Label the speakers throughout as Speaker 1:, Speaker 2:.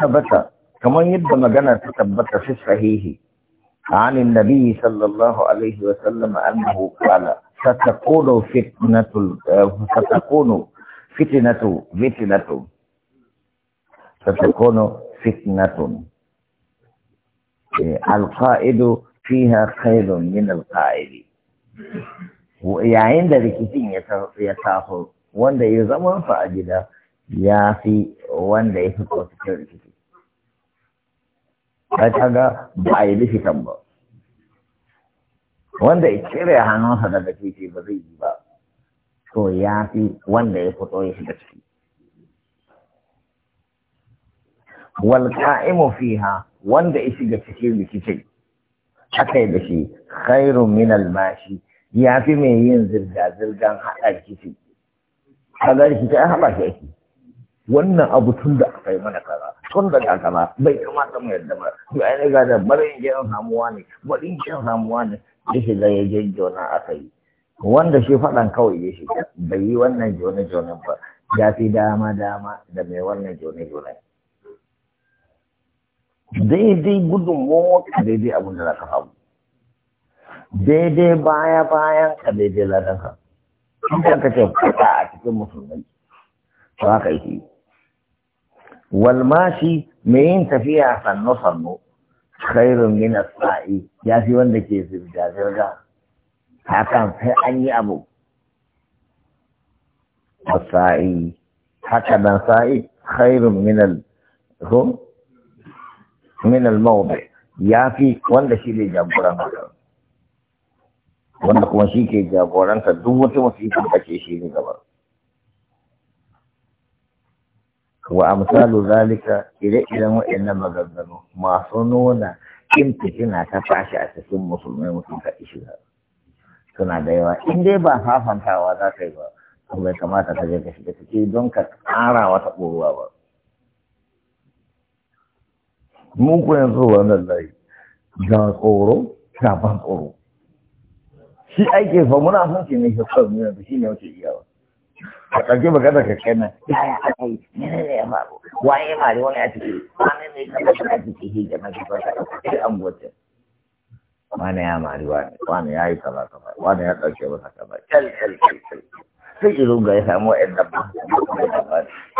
Speaker 1: tabbata kamar yadda magana ta tabbata fi sahihi عن النبي صلى الله عليه وسلم أنه قال ستكون فتنة ستكون فتنة فتنة ستكون فتنة القائد فيها خير من القائد يتاخر يزمن فأجده ya fi wanda ya fi cikin rikici ta kaga ba a yi likitan ba wanda ya cire hannunsa daga titi ba zai yi ba to ya fi wanda ya fito ya shiga ciki wal ka'imu fiha wanda ya shiga cikin rikicin aka yi da shi khairun min almashi ya fi mai yin zirga-zirgan haɗa rikici kaga rikici an haɗa shi ake wannan abu tun da aka yi mana kaza tun da kaza bai kamata mu yadda ba to ai ne ga da barin jin samuwa ne barin jin samuwa ne ya shiga ya jona aka yi wanda shi faɗan kawai ya shiga bai yi wannan jona jona ba ya fi dama dama da mai wannan jona jonen daidai gudun ka daidai abin da za ka samu daidai baya bayan ka daidai ladanka in ka ce kuɗa a cikin musulmai to haka yake walmashi mai yin tafiya sannu-sannu khairun min sa'i ya fi wanda ke zirga-zirga hakan sai an yi abu sa'i haka dan sa'i khairun min al min al mawdi ya fi wanda shi ne jagoran wanda kuma shi ke jagoranta duk wata wasiƙa da ke shi ne gaba wa amsalu zalika ire-iren wa'annan maganganu masu nuna kin na ta fashi a cikin musulmai mutum ka ishi shiga suna da yawa in dai ba fafantawa za ka yi ba to bai kamata ka je ka shiga ciki don ka kara wata ƙoruwa ba mun ku yanzu wannan layi ga tsoro ga ban tsoro shi ake fa muna ke ne shi kawai mu yanzu shi ne wuce iyawa a ɗauki magana ka kai nan yaya aka yi ne ne ya faru waye mari wani a ciki wani ne ka masu a ciki shi ga masu kwata sai an goce wani ya mari wani wani ya yi kaza kaza wani ya ɗauke masa kaza kyal kyal kyal kyal sai izo ga ya samu wa'yan dabba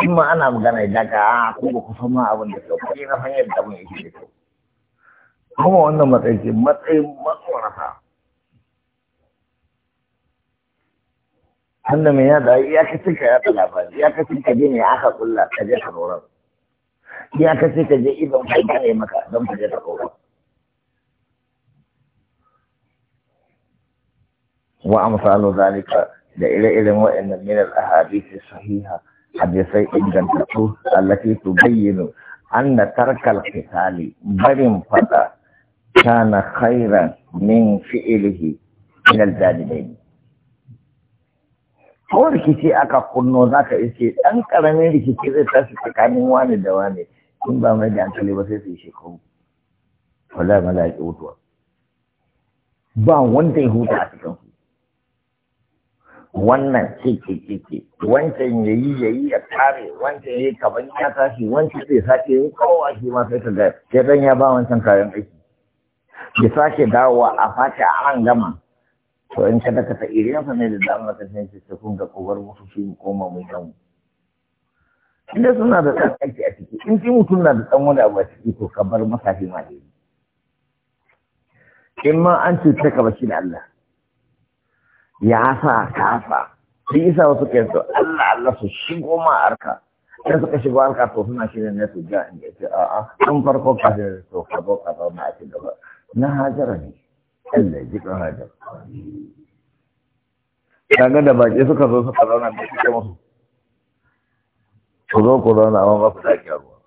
Speaker 1: in ma ana magana da a ah, ku ba kusan ma abin da kyau kuma na fanyar da abin yake da kyau kuma wannan matsayi matsayin matsorata hannu mai yada ya ka cika ya labari ya ka cika je ne aka kulla ka je ka rorar ya ka cika je idon ka gane maka don ka je ka rorar wa amsalu zalika da ire-iren wa'annan min al-ahadith sahiha hadisai ingantattu allati tubayyinu anna tarkal qitali barin fada kana khairan min fi'lihi min al-janibayn ko rikici aka kunno za ka iske ɗan ƙaramin rikici zai tashi tsakanin wani da wani in ba mai da hankali ba sai su yi shekaru wallahi mala ya mutuwa ba wanda ya huta a cikin su wannan ce ce ce ke wancan ya yi ya yi ya kare wancan ya yi kaban ya tashi wancan zai sake yi kowa shi ma sai ka ga ke ya ba wancan kayan aiki ya sake dawowa a fata an gama to in ka ka ta iriya fa ne da dama ka san shi ta kunga kogar wasu su mu koma mu dan inda suna da ɗan aiki a ciki in ji mutum na da ɗan wani abu a ciki to ka bar masa shi ma ne in ma an ce ta kaba shi da Allah ya sa ka sa shi isa wasu kai su Allah Allah su shigo ma arka idan suka shigo harka to suna shirin ne su ja in ce a'a an farko ka da to ka bo ka zauna a cikin gaba na hajara ne Allah ji ka hajara dangane da baki suka zo suka zauna da suke musu su zo ku zauna amma ba ku sake ruwa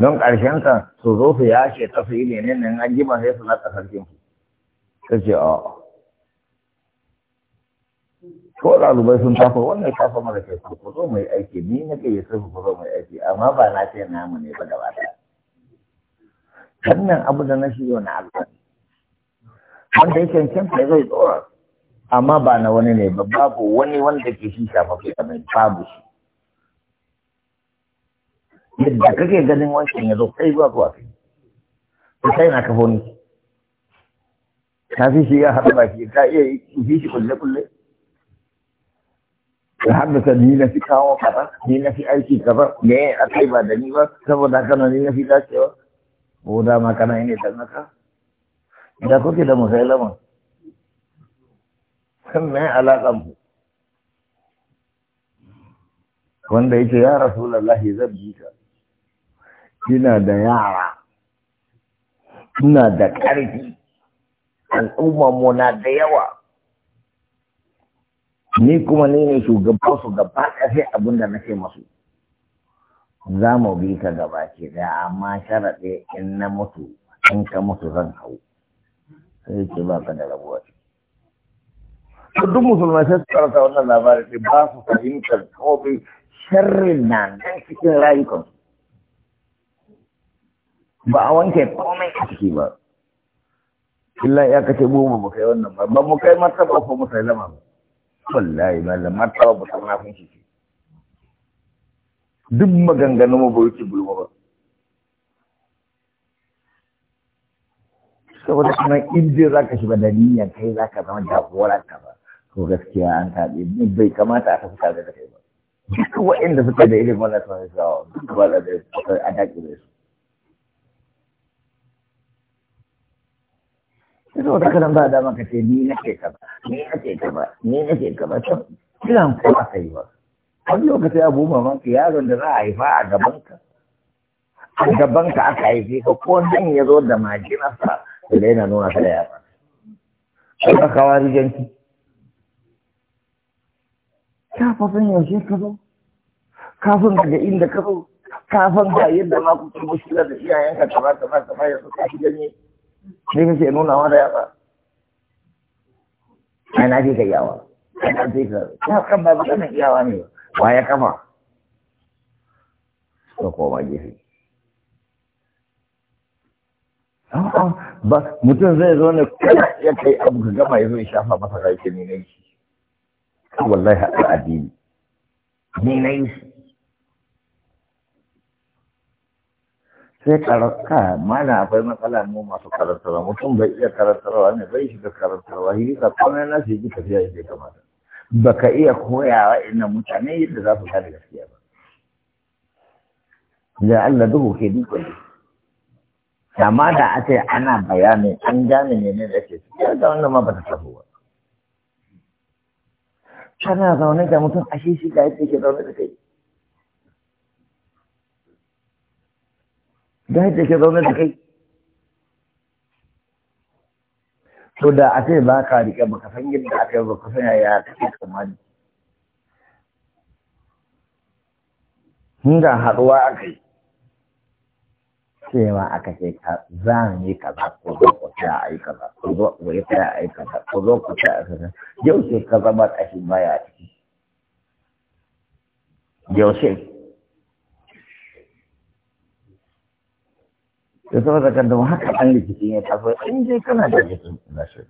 Speaker 1: don ƙarshen ka su zo su yashe ta su yi ne nan an jima sai su naka sarkin su ta ce a ko ɗalibai sun tafa wannan tafa mara kai ku zo mai aiki ni na ke yi sai ku zo mai aiki amma ba na ce namu ne ba gaba ɗaya sannan abu da na shi yau na Allah wanda ya cancanta zai tsoron amma ba na wani ne ba babu wani wanda ke shi shafafe kamar babu shi yadda kake ganin wancan ya zo kai ba kuwa fi ta kai na kafo ni ka fi shi ya haɗu ba shi ka iya fi shi kulle kulle ya haddasa ni na fi kawo kaza ni na fi aiki kaza ne a kai ba da ni ba saboda kana ni na fi dacewa ko dama kana ne da naka da kuke da musailama kan mai alaƙan mu wanda yake ya rasu lallahi zan bi ka ina da yara ina da ƙarfi al'umma mu na da yawa ni kuma ni ne shugaban su gaba sai abinda da nake masu za mu bi ka gaba ke da amma sharaɗe in na mutu in ka mutu zan hau sai ce ba ka da rabuwa ce duk musulmai sai su karanta wannan labarin sai ba su fahimtar kawai sharrin na nan cikin rayukan ba a wanke komai a ciki ba illa ya kace mu mu kai wannan ba ba mu kai martaba ko musailama ba wallahi la martaba ba sanna kun ci duk maganganu mu ba wuce bulwa ba saboda kuma in dai zaka shiga da niyyar kai zaka zama jagoran ka ba ko gaskiya an taɓe bai kamata aka fita da kai ba duk waɗanda suka da ilimin wannan sun sa duk ba da a daƙile su sai da wata kanan ba dama ka ce ni nake ka ba ni nake ka ba ni nake ka ba to kiran ko aka yi ba wani lokaci abu mamaki yaron da za a haifa a gaban ka a gaban ka aka haife ka ko nan ya zo da majinarsa da daina nuna ta da yara. Sai ka kawo rijanci. ka fa san yaushe ka zo kafin ga inda ka zo kafin ga yadda ma kuke mushkila da ka kaza kaza kaza ya suka shi ganye sai kake nuna wa da yatsa ai na ji ka yawa ai na ji ka ka kan ba kana iyawa ne wa ya kafa ka koma gefe A'a ba mutum zai zo ne kana ya kai abu ka gama ya zo ya shafa masa kai ne ne wallahi haɗa addini ni na yi shi sai karanta mana akwai matsala mu masu karantarwa mutum bai iya karantarwa ne bai shiga karantarwa shi ka kwanan na su yi tafiya yadda ya kamata baka iya koyawa ina mutane yadda za su gane gaskiya ba da Allah duhu ke duka ne amma da a ce ana bayani an gane ne ne da ke ya ga wannan ma ba ta tafi ba kana zaune da mutum a shi ga yadda ke zaune da kai ga yadda ke zaune da kai to da a ce ba ka riƙe baka san yadda aka yi baka san yaya kake tsammani in ga haɗuwa aka yi cewa aka ce ka za mu yi kaza ko zo ku ta a yi kaza ko zo ku yi ta a yi kaza ko zo ku ta a kaza yaushe ka zama ƙashin baya a ciki yaushe da saboda kan da haka an rikici ne taso in je kana da jikin na shi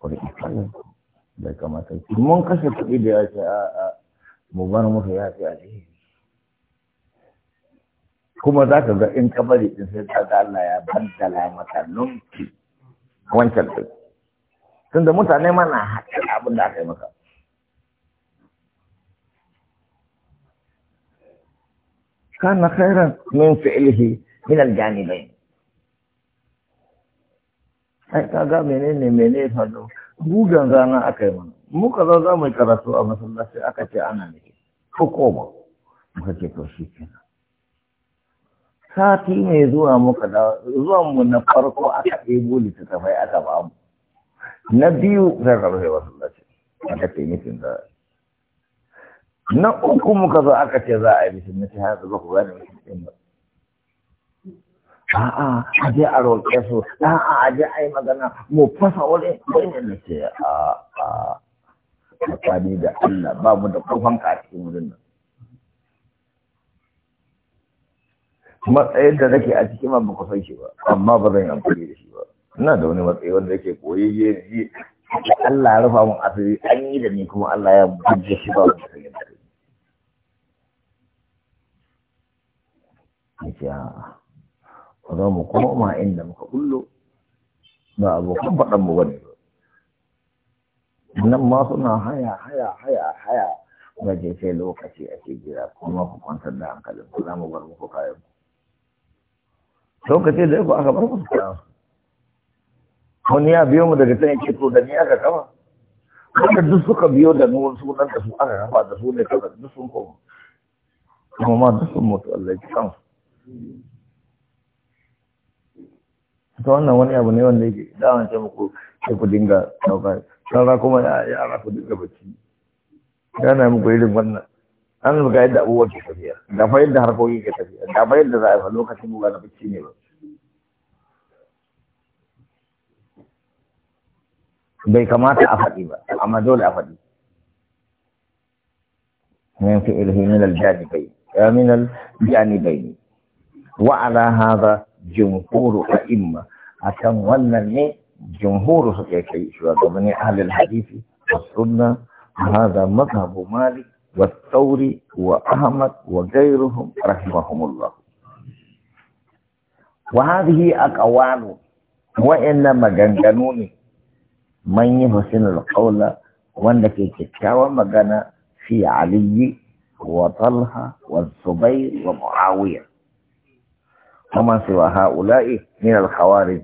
Speaker 1: kuri ikalin bai kamata mun kashe kuɗi da ya ce a mu bar musu ya ce a ciki kuma za ka ga in ka bari din sai ta ga Allah ya bantala mata nunki wancan din da mutane mana haƙƙin abin da aka yi maka kana khairan min fi'lihi min al-janibayn ai ga menene menene fado gugan zana aka yi mana muka zo za mu karatu a masallaci aka ce ana ne ko koma muka ce to shi kenan sati mai zuwa muka da zuwan mu na farko aka ɗebo littattafai aka ba mu na biyu zan rarrafe wasu lati aka ce mitin da na uku muka zo aka ce za a yi mitin na cikin haka zuwa ku da mitin ɗin ba a'a a je a roƙe su a'a a je a yi magana mu fasa wani wani na ce a a tsakani da Allah ba mu da kofan ka a cikin wurin nan matsayin da nake a cikin ba ku san shi ba amma ba zan yi amfani da shi ba ina da wani matsayi wanda yake koyi ne Allah ya rufa mun asiri an yi da ni kuma Allah ya bujje shi ba wani sanin da ni ce a ba za mu koma inda muka kullo ba abokan faɗan mu bane ba nan ma suna haya haya haya haya ba je sai lokaci ake jira kuma ku kwantar da hankalin ku za mu bar muku kayan ku lokacin da ku aka bar mu wani ya biyo mu daga can yake to da ni aka kama wanda duk suka biyo da nuwar sunan da su aka kafa da su ne kaza duk sun koma kuma ma duk sun mutu Allah ya kama to wannan wani abu ne wanda yake da wance muku sai ku dinga dauka sarra kuma ya yara ku dinga bacci gana muku irin wannan an ga yadda abubuwa ke tafiya da fa yadda harkoki ke tafiya da fa yadda za a lokacin mu na bacci ne ba bai kamata a faɗi ba amma dole a faɗi min fi ilhi min al janibai ya eh, min al janibai ne wa ala hadha jumhuru a'imma akan wannan ne jumhuru suke kai shugabannin ahlul hadisi wa sunna hadha madhhabu malik والثوري وأحمد وغيرهم رحمهم الله وهذه أقوال وإنما مجنجنوني من يحسن القول وأنك كتاوى مغنى في علي وطلحة والزبير ومعاوية ومن سوى هؤلاء من الخوارج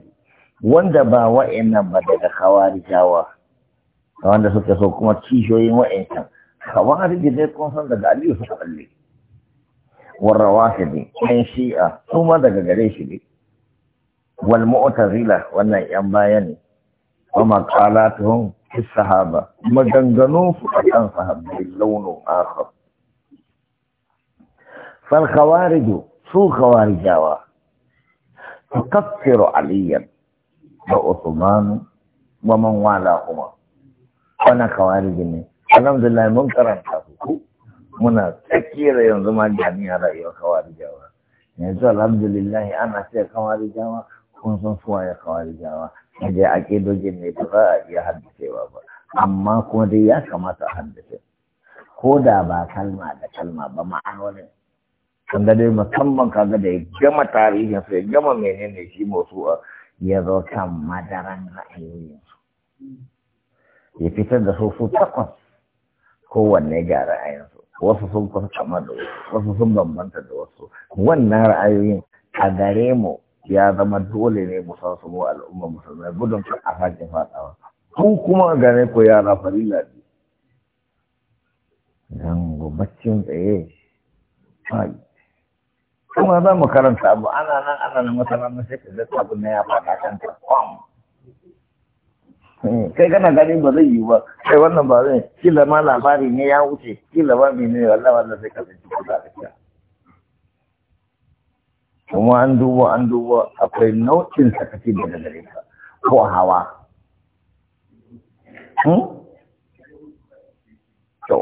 Speaker 1: وندبا وإن دك الخوارج wanda suka so تشيشوين kishiyoyin wa'incan kamar gida kun san daga aliyu Warrawa shi ne, ɗan shi'a su daga gare shi ne wal mu'tazila wannan yan baya ne wa maqalatuhum fi sahaba maganganu su kan sahabbai launo akhar fal khawarij su khawarijawa tukaffiru aliyan wa usman wa man kuma. wannan khawarij ne alhamdulillah mun karanta ku muna tsakiyar yanzu ma jami'a rayuwar kawari jawa yanzu alhamdulillah ana ce kawari jawa kun san suwa ya kawari jawa a je a ke ƙidojin ne ba za a iya haddacewa ba amma kuma dai ya kamata a haddace ko da ba kalma da kalma ba ma'anonin wanda dai musamman kaga da ya gama tarihin sai ya gama menene shi masu ya zo kan madaran ra'ayoyinsu ya fitar da su su takwas kowanne ga ra'ayinsu wasu sun kusa kama da wasu wasu sun bambanta da wasu wannan ra'ayoyin a gare mu ya zama dole ne mu san su mu al'umma musulmai gudun a sake fadawa ko kuma gare ku ya farilla ne dan gobaccin tsaye ai kuma za mu karanta abu ana nan ana nan masana sai shekaru da abu na ya faɗa kan kwam Hmm, kai kana ganin ba zai yi ba kai wannan ba zai kila ma labari ne ya wuce kila ba mai ne wallah wallah sai san kusa da shi kuma an duba an duba akwai nau'in sakaci daga gare ka ko hawa hmm? to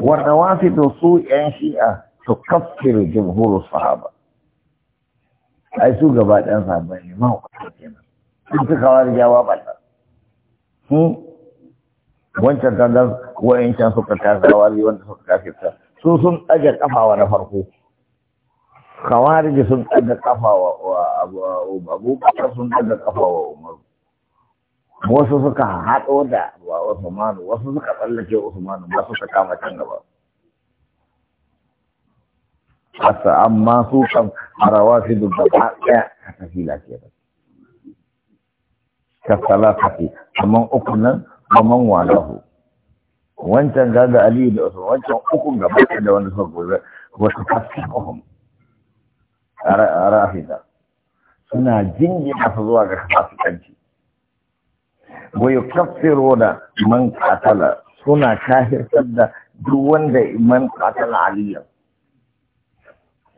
Speaker 1: wanda wasi to su yan shi'a to kafir jumhurus sahaba ai su gaba ɗan sahabbai ne ma ku kenan sun fi kawar jawa ɓata wancan tangar wayancan suka kasa kawari wanda suka kafirta su sun ɗaga kafawa na farko kawariji sun ɗaga kafawa wa abu sun ɗaga kafawa umaru wasu suka haɗo da wa usmanu wasu suka tsallake usmanu ba su kama can gaba hasa amma su kan arawa su dubba ɗaya a tafi lafiya ka salafati kaman uku nan kaman walahu wancan gaga aliyu da usman wancan uku gaba da wanda suka gobe wasu fasikohum a rafida suna jingina su zuwa ga fasikanci wayo kafiro da man katala suna kahirtar da duk wanda man katala aliyu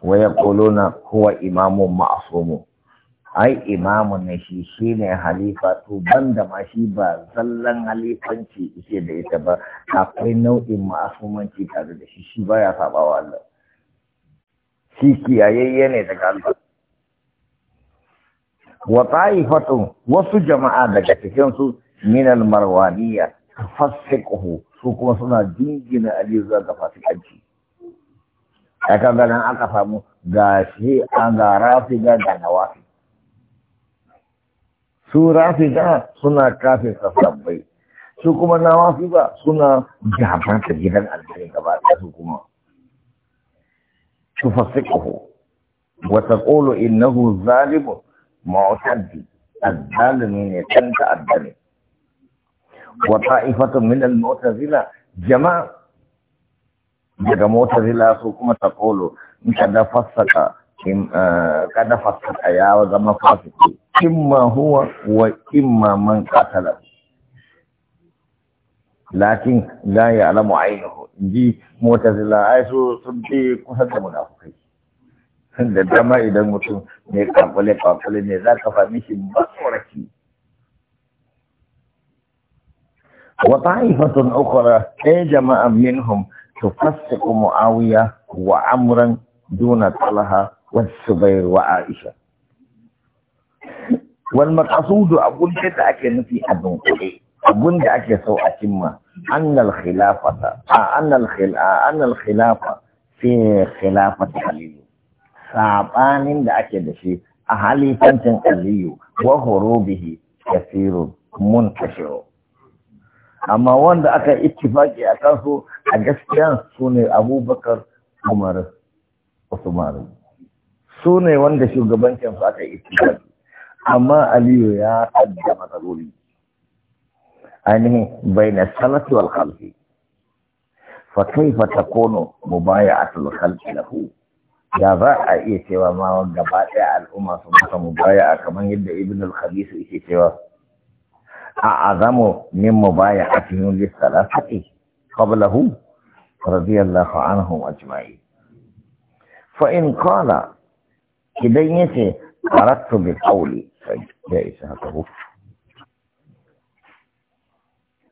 Speaker 1: waya kolona kowa imamun ma'asumu ai imamu ne shi shi ne halifa to banda ma shi ba zallan halifanci ishe da ita ba akwai nau'in ma'asumanci tare da shi shi ba ya saba wa Allah shi kiyayayye ne daga Allah wa ta'ifatu wasu jama'a daga cikin su min al marwaniya fasiquhu su kuma suna jingina aliyu zuwa ga fasikanci ya kan ganin aka samu ga shi an ga rafi ga nawafi su rafi da suna kafin sassabai su kuma na wasu ba suna gafan ta gidan alfahari gaba da su kuma su fasi ƙaho wata ƙolo innahu zalibu ma'utaddi azzalimi ne kan ta addani wata ifata min al-mota zila jama'a daga mota zila su kuma ta ƙolo in eh, ka da fasaka ya zama fasiki imma huwa wa imma man qatala lakin la ya'lamu aynuhu inji mu'tazila ai su sun fi kusa da munafikai da dama idan mutum ne kakule kakule ne za ka fami shi ba tsoraki wa ta'ifatun ukhra ay jama'a minhum tufassiqu muawiya wa amran duna talha wa zubair wa aisha wal maqsudu abun da ake nufi a dunkule abun da ake so a cimma annal khilafata a annal khila annal khilafa fi khilafati aliyu sabanin da ake da shi a halifancin aliyu wa hurubihi kasirun muntashiru amma wanda aka ittifaki a kansu a gaskiya su ne abubakar umar usmanu su ne wanda shugabancinsu aka ittifaki amma aliyu ya da matsaloli ainihin bai na salatu wal khalfi fa kaifa takunu mubaya'atul khalqi lahu da za a iya cewa ma gaba ɗaya al'umma sun masa mubaya'a kamar yadda ibn al-khabis yake cewa a azamu min mubaya'atihim lis-salafati qablahu radiyallahu anhum ajma'in fa in qala idan yace arattu bil qawli ya isa haka